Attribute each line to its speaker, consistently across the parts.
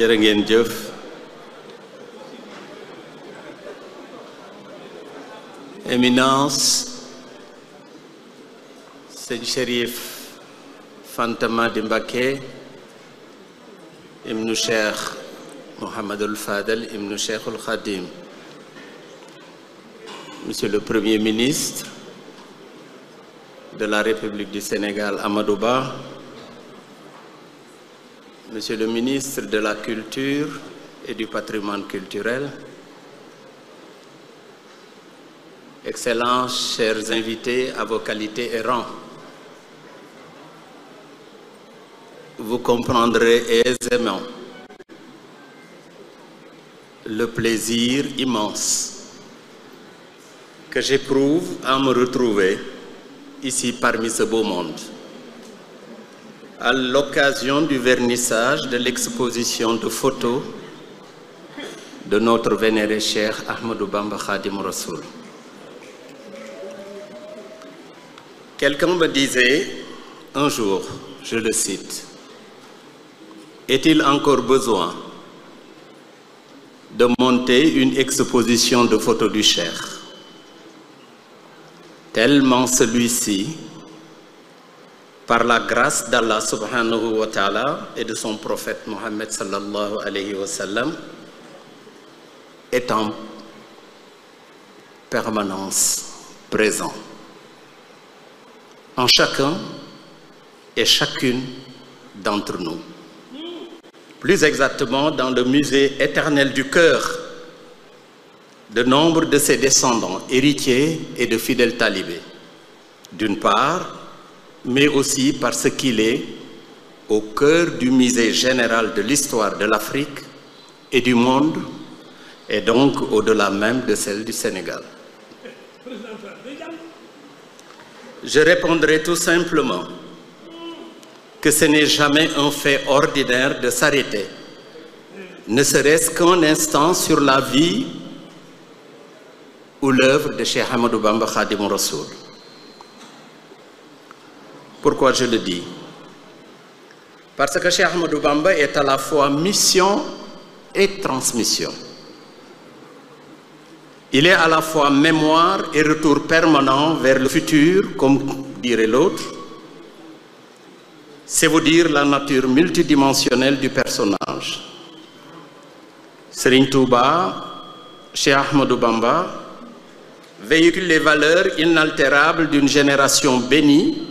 Speaker 1: jërë ngeen jëf éminence sëñ Chérif Fanta Madi Mbacké ibnu Cheikh Mouhamadul Fadel ibnu Cheikhul Khadim Monsieur le Premier ministre de la République du Sénégal Amadou Ba Monsieur le ministre de la Culture et du Patrimoine culturel, Excellences, chers invités à vos qualités et rangs, vous comprendrez aisément le plaisir immense que j'éprouve à me retrouver ici parmi ce beau monde. à l'occasion du vernissage de l'exposition de photos de notre vénéré Cheikh Ahmadou Bamba Khadim Rassoul. Quelqu'un me disait un jour, je le cite, est-il encore besoin de monter une exposition de photos du Cheikh? Tellement celui-ci par la grâce d'Allah subhanahu wa ta'ala et de son prophète Mohammed sallallahu alayhi wa sallam, est en permanence présent en chacun et chacune d'entre nous. Plus exactement, dans le musée éternel du cœur de nombre de ses descendants, héritiers et de fidèles talibés. D'une part, mais aussi parce qu'il est au cœur du musée général de l'histoire de l'Afrique et du monde, et donc au-delà même de celle du Sénégal. Je répondrai tout simplement que ce n'est jamais un fait ordinaire de s'arrêter, ne serait-ce qu'un instant sur la vie ou l'œuvre de Cheikh Hamadou Bamba Khadim Rassoul. Pourquoi je le dis Parce que Cheikh Ahmadou Bamba est à la fois mission et transmission. Il est à la fois mémoire et retour permanent vers le futur, comme dirait l'autre. C'est vous dire la nature multidimensionnelle du personnage. Serigne Touba, Cheikh Ahmadou Bamba, véhicule les valeurs inaltérables d'une génération bénie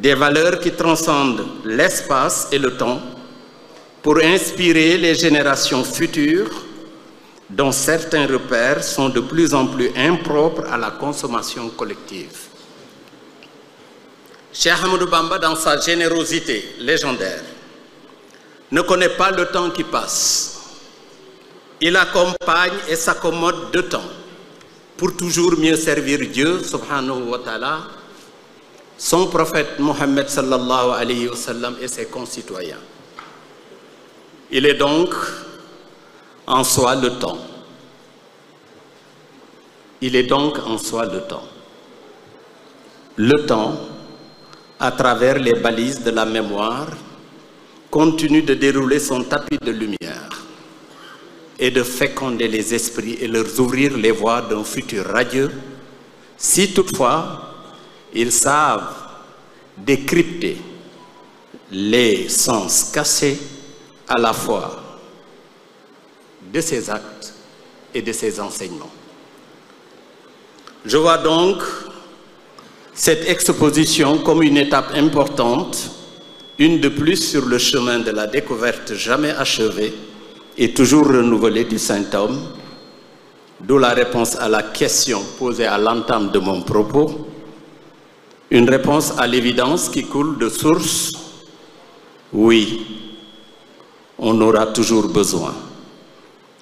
Speaker 1: des valeurs qui transcendent l'espace et le temps pour inspirer les générations futures dont certains repères sont de plus en plus impropres à la consommation collective. Cheikh Ahmadou Bamba, dans sa générosité légendaire, ne connaît pas le temps qui passe. Il accompagne et s'accommode de temps pour toujours mieux servir Dieu, subhanahu son prophète Mohammed sallallahu alayhi wa sallam et ses concitoyens. Il est donc en soi le temps. Il est donc en soi le temps. Le temps, à travers les balises de la mémoire, continue de dérouler son tapis de lumière et de féconder les esprits et leur ouvrir les voies d'un futur radieux, si toutefois Ils savent décrypter les sens cachés à la fois de ces actes et de ces enseignements. Je vois donc cette exposition comme une étape importante, une de plus sur le chemin de la découverte jamais achevée et toujours renouvelée du Saint-Homme, d'où la réponse à la question posée à l'entame de mon propos Une réponse à l'évidence qui coule de source Oui, on aura toujours besoin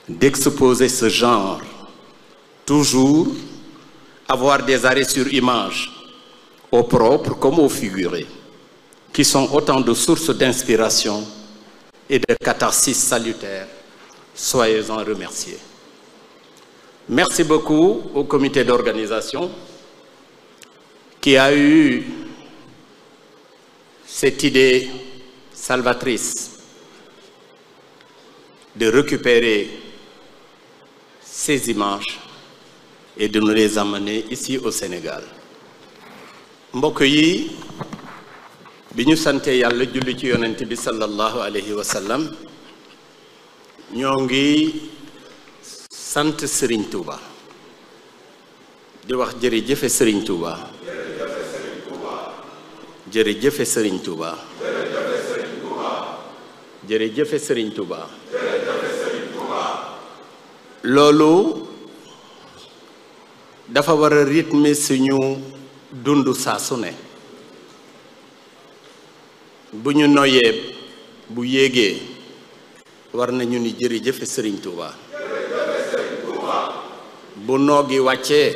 Speaker 1: d'exposer ce genre, toujours avoir des arrêts sur image, au propre comme au figuré, qui sont autant de sources d'inspiration et de catharsis salutaires. Soyez-en remerciés. Merci beaucoup au comité d'organisation. qui a eu salvatrice de récupérer ces images et de nous les amener au Sénégal mbokk yi bi ñu sante yàlla julli ci yonent bi sallallahu alayhi wa sallam ñoo ngi sant Serigne Touba di wax jërëjëfe Serigne Touba jërëjëfe jëfe Touba sëriñ Touba jërëjëfe sëriñ sëriñ Touba loolu dafa war a rythme ñu dund saa ne bu ñu noyee bu yéegee war nañu ni jërëjëfe sëriñ Touba bu noog wàccee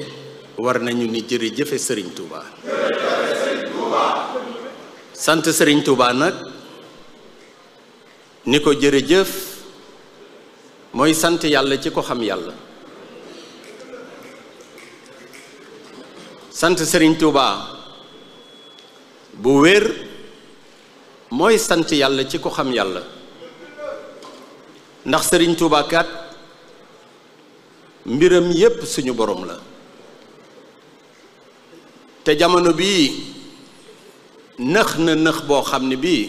Speaker 1: war nañu ni jërëjëfe sëriñ Touba sant sëriñ Touba nag ni ko jërëjëf mooy sant yàlla ci yàlla sant Serigne Touba bu wér mooy sant yàlla ci ko xam yàlla ndax sëriñ tuuba kat mbiram yépp suñu borom la te jamono bii nëx na nëx boo xam ne bii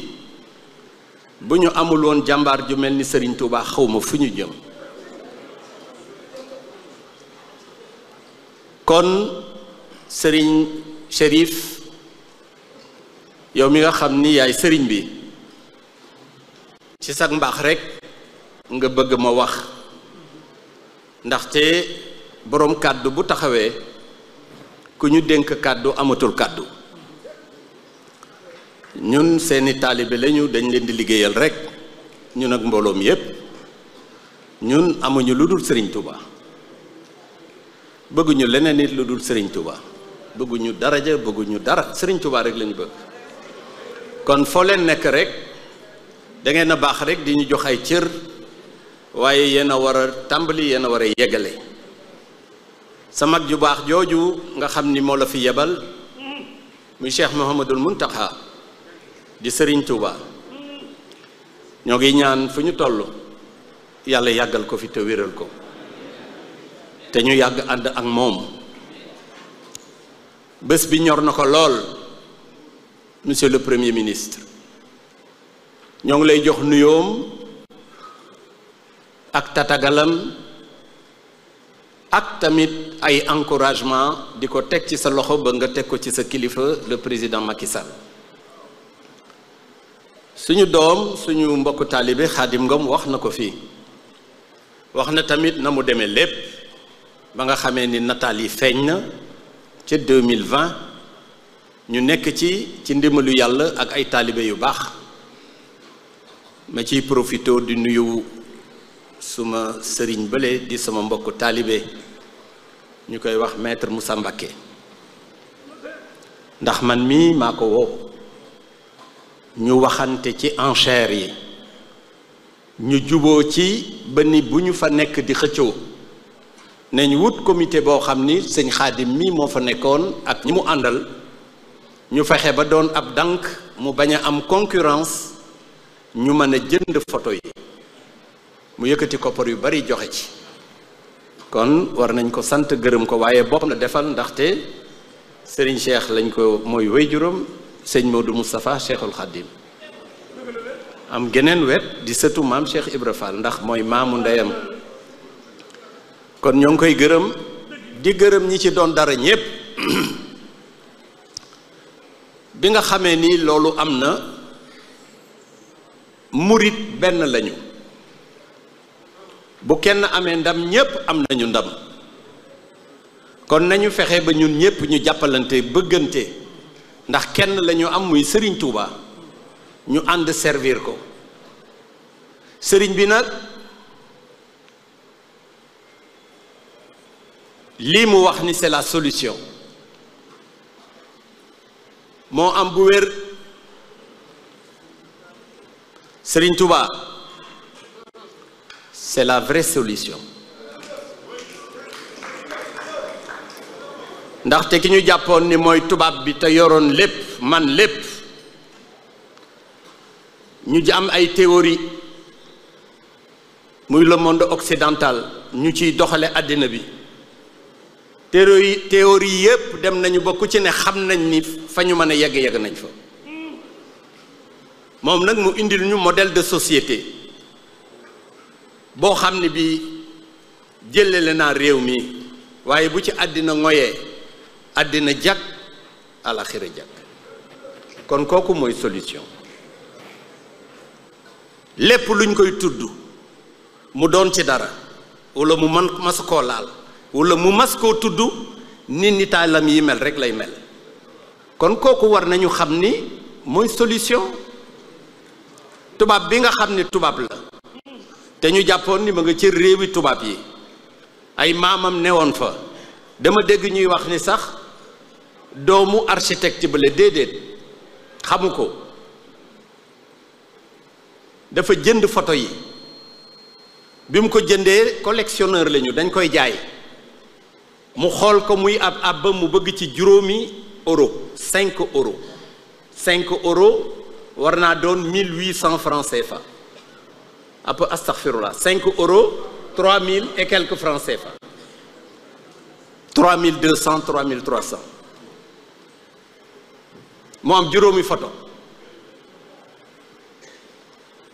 Speaker 1: bu ñu amul woon jàmbaar ju mel ni sëriñ Touba xawma fu ñu jëm kon sëriñ Chérif yow mi nga xam ni yaay Serigne bi ci sag mbaax rekk nga bëgg ma wax ndaxte boroom kàddu bu taxawee ku ñu dénk kàddu amatul kàddu ñun seeni taalibe lañu dañ leen di liggéeyal rek ñun ak mbooloom yépp ñun amuñu lu dul sëriñ tubaa bëgguñu leneen nit lu dul sëriñ Touba bëgguñu daraja bëgguñu dara sëriñ Touba rek lañu bëgg kon foo leen nekk rek da ngeen a baax rek di ñu jox ay cër waaye yéen a war a tàmbali yéen a war a yegale sa mag ju baax jooju nga xam ni moo la fi yebal muy Cheikh Mouhamadul Mountakha di sëriñ Touba ñoo ngi ñaan fu ñu toll yàlla yàggal ko fi te wéral ko te ñu yàgg ànd ak moom bés bi ñor na ko lool monsieur le premier ministre ñoo ngi lay jox nuyoom ak tatagalam ak tamit ay encouragement di ko teg ci sa loxo ba nga teg ko ci sa kilifa le président Macky suñu doom suñu mbokk taalibe nga mu wax na ko fii wax na tamit na mu demee lépp ba nga xamee ni nataal yi feeñ na ca 2020 ñu nekk ci ci ndimalu yàlla ak ay taalibe yu baax ma ciy profité di nuyu suma sëriñ bële di sama mbokk taalibe ñu koy wax maître Moussa Mbacké ndax man mii maa ko woo ñu waxante ci enchères yi ñu juboo ci ba ni bu ñu fa nekk di xëccoo nañ wut comité boo xam ni sëñ xaadim mi moo fa nekkoon ak ñi mu àndal ñu fexe ba doon ab dànk mu bañ a am concurrence ñu mën a jënd photo yi mu yëkkati koppar yu bari joxe ci kon war nañ ko sant gërëm ko waaye boppam la defal ndaxte Serigne Cheikh lañ ko mooy wéy juróom sëñ Modou Moustapha Cheikhul Khadim am geneen wet di sëtu maam Cheikh Ibra Fall ndax mooy maamu ndeyam kon ñoo ngi koy gërëm di gërëm ñi ci doon dara ñépp bi nga xamee ni loolu am na murit benn lañu bu kenn amee ndam ñépp am nañu ndam kon nañu fexe ba ñun ñépp ñu jàppalante bëggante ndax kenn lañu am muy sëriñ Touba ñu ànd servir ko sëriñ bi nag lii mu wax ni c'est la solution moo am bu wér sëriñ Touba c'est la vraie solution ndaxte ki ñu jàppoon ni mooy tubaab bi te yoroon lépp man lépp ñu ji am ay théorie muy le monde occidental ñu ciy doxale àddina bi théorie théorie yépp dem nañu ba ku ci ne xam nañ ni fa ñu mën a yegg yegg nañ fa moom nag mu indil ñu model de société boo xam ne bi jëlale naa réew mi waaye bu ci àddina ngoyee àddina jàkk alaxira jàkk kon kooku mooy solution lépp luñ koy tudd mu doon ci dara wala mu man mas laal wala mu maskoo tudd ni ñi taalam yi mel rek lay mel kon kooku war nañu xam ni mooy solution tubaab bi nga xam ni tubaab la te ñu jàppoon ni ma nga ci réewi tubaab yi ay maamam newoon fa dama dégg ñuy wax ni sax doomu architecte ba la déedéet xamu ko dafa jënd photo yi bi mu ko jëndee collectionneur lañu dañ koy jaay mu xool ko muy ab abba mu bëgg ci juróomi euro cinq euro cinq euro war naa doon mille huit cent francs CFA ab astaghfirullah euro trois mille et quelques francs CFA trois mille mille trois cent mu am juróomi photo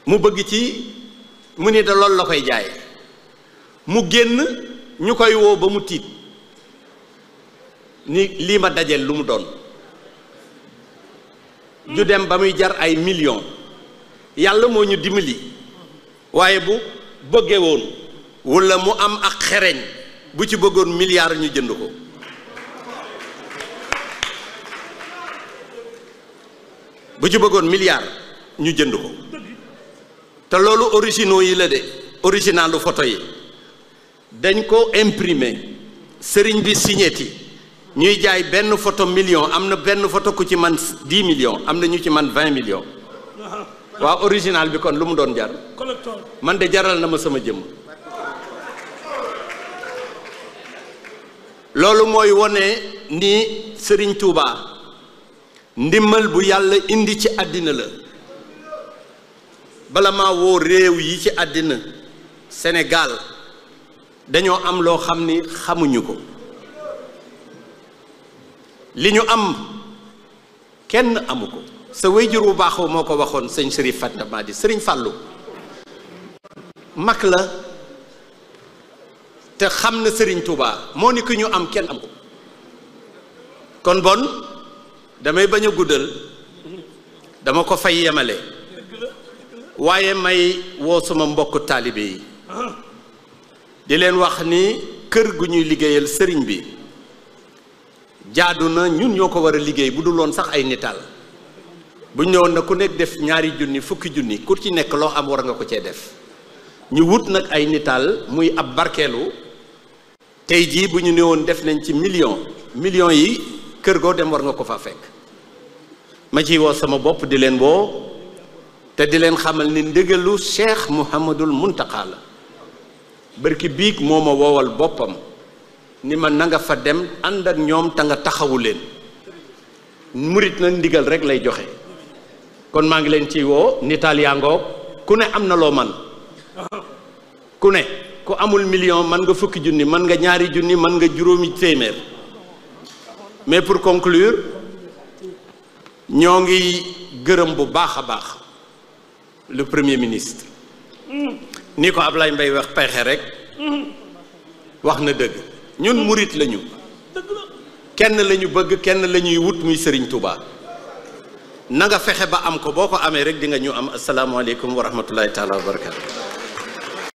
Speaker 1: mu bëgg ci mu ni da loolu la koy jaay mu génn ñu koy woo ba mu tiit ni lii ma dajeel lu mu doon ñu dem ba muy jar ay millions yàlla moo ñu dimbali waaye bu bëggee woon walla mu am ak xereñ bu ci bëggoon milliards ñu jënd ko bu ci bëggoon milliard ñu jënd ko te loolu originaux yi la de originalu photo yi dañ ko imprime sëriñ bi signéti ñuy jaay benn photo million am na benn photo ku ci man dix millions am na ñu ci man vingt millions waaw original bi kon lu mu doon jar man de jaral na ma sama jëmm loolu mooy wone ni sëriñ Touba. ndimbal bu yàlla indi ci àddina la bala maa woo réew yi ci àddina senegaal dañoo am loo xam ni xamuñu ko li ñu am kenn amu ko sa wéyjur wu baaxoo moo ko waxoon sëñ Serigne Fatma Madi Serigne Fallou mag la te xam na sëriñ Touba moo ni ku ñu am kenn amu ko kon bon damay bañ a guddal dama ko fay yemale waaye may woo sama mbokk taalibe yi di leen wax ni kër gu ñuy liggéeyal sëriñ bi jaadu na ñun ñoo ko war a liggéey bu dul woon sax ay nitaal bu woon na ku nekk def ñaari junni fukki junni ku ci nekk loo am war nga ko cee def ñu wut nag ay nitaal muy ab barkeelu tey jii bu ñu néewoon def nañ ci million million yi kër goo dem war nga ko faa fekk ma ciy woo sama bopp di leen woo te di leen xamal ni ndégalu cheikh Mouhamadul Muntaqa la bërki biig moo ma woowal boppam ni ma nanga fa dem àndak ñoom te nga taxawu leen murit na ndigal rekk lay joxe kon maa ngi leen ciy woo nitaal yaa ngoog ku ne am na loo man ku ne ku amul million man nga fukki junni man nga ñaari junni man nga juróomi téeméer mais pour conclure ñoo ngi gërëm bu baax a baax lu premier ministre mm. ni ko ab lay Mbaye wax pexe rek mm. wax na dëgg ñun murit lañu kenn lañu bëgg kenn lañuy wut muy Serigne tubaab nanga fexe ba am ko boo ko amee rek di nga ñu am asalaamaaleykum wa rahmatullahi taala wa barakatu